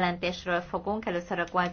jelentésről fogunk. Először a Gualtieri